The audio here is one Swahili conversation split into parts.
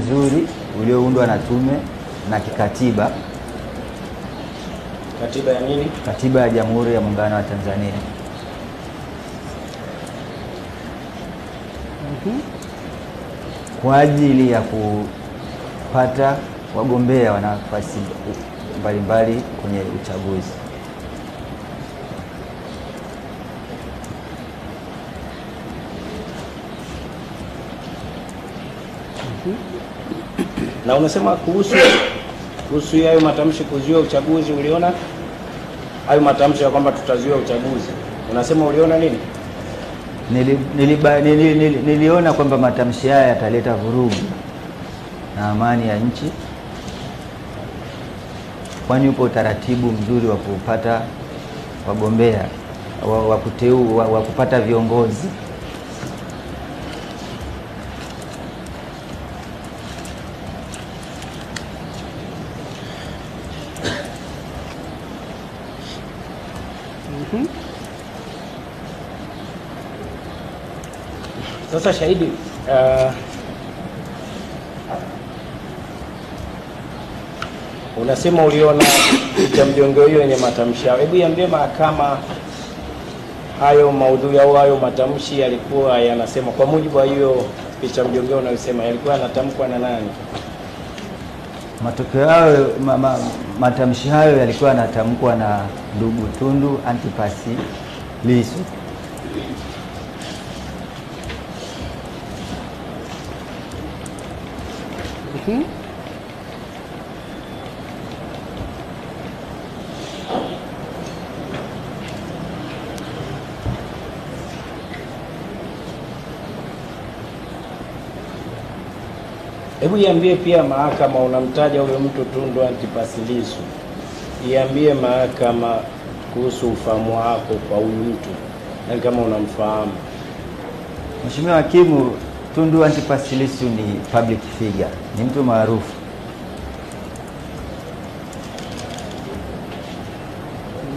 nzuri ulioundwa na tume na kikatiba katiba ya nini? Katiba ya Jamhuri ya Muungano wa Tanzania. mm -hmm. Kwa ajili ya kupata wagombea wa nafasi mbalimbali kwenye uchaguzi. mm -hmm. Na unasema kuhusu kuhusu hayo matamshi kuzuia uchaguzi, uliona hayo matamshi ya kwamba tutazuia uchaguzi, unasema uliona nini? Nili, niliba, nili, nili, niliona kwamba matamshi haya yataleta vurugu na amani ya nchi, kwani upo utaratibu mzuri wa kupata wagombea wa, wa, kuteu, wa, wa kupata viongozi hmm? Sasa shahidi, uh, unasema uliona picha mjongeo hiyo yenye matamshi yao. Hebu iambie mahakama hayo maudhui au hayo matamshi yalikuwa yanasema, kwa mujibu wa hiyo picha mjongeo unayosema, yalikuwa yanatamkwa na nani? Matokeo hayo ma, ma, matamshi hayo yalikuwa yanatamkwa na ndugu Tundu Antipasi Lissu mm -hmm. Hebu iambie pia mahakama, unamtaja huyo mtu Tundu Antipas Lissu, iambie mahakama kuhusu ufahamu wako kwa huyu mtu, yaani kama unamfahamu. Mheshimiwa Hakimu, Tundu Antipas Lissu ni public figure, ni mtu maarufu.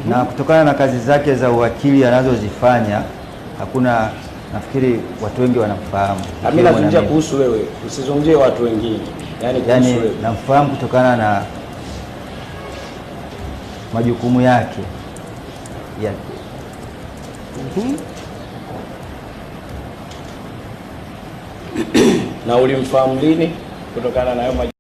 na kutokana na kazi zake za uwakili anazozifanya hakuna nafikiri watu wengi wanamfahamu. Mimi nazungumzia kuhusu wewe, usizungumzie watu wengine, yani yani wewe. Namfahamu kutokana na majukumu yake yake. Mm -hmm. na ulimfahamu lini kutokana na hayo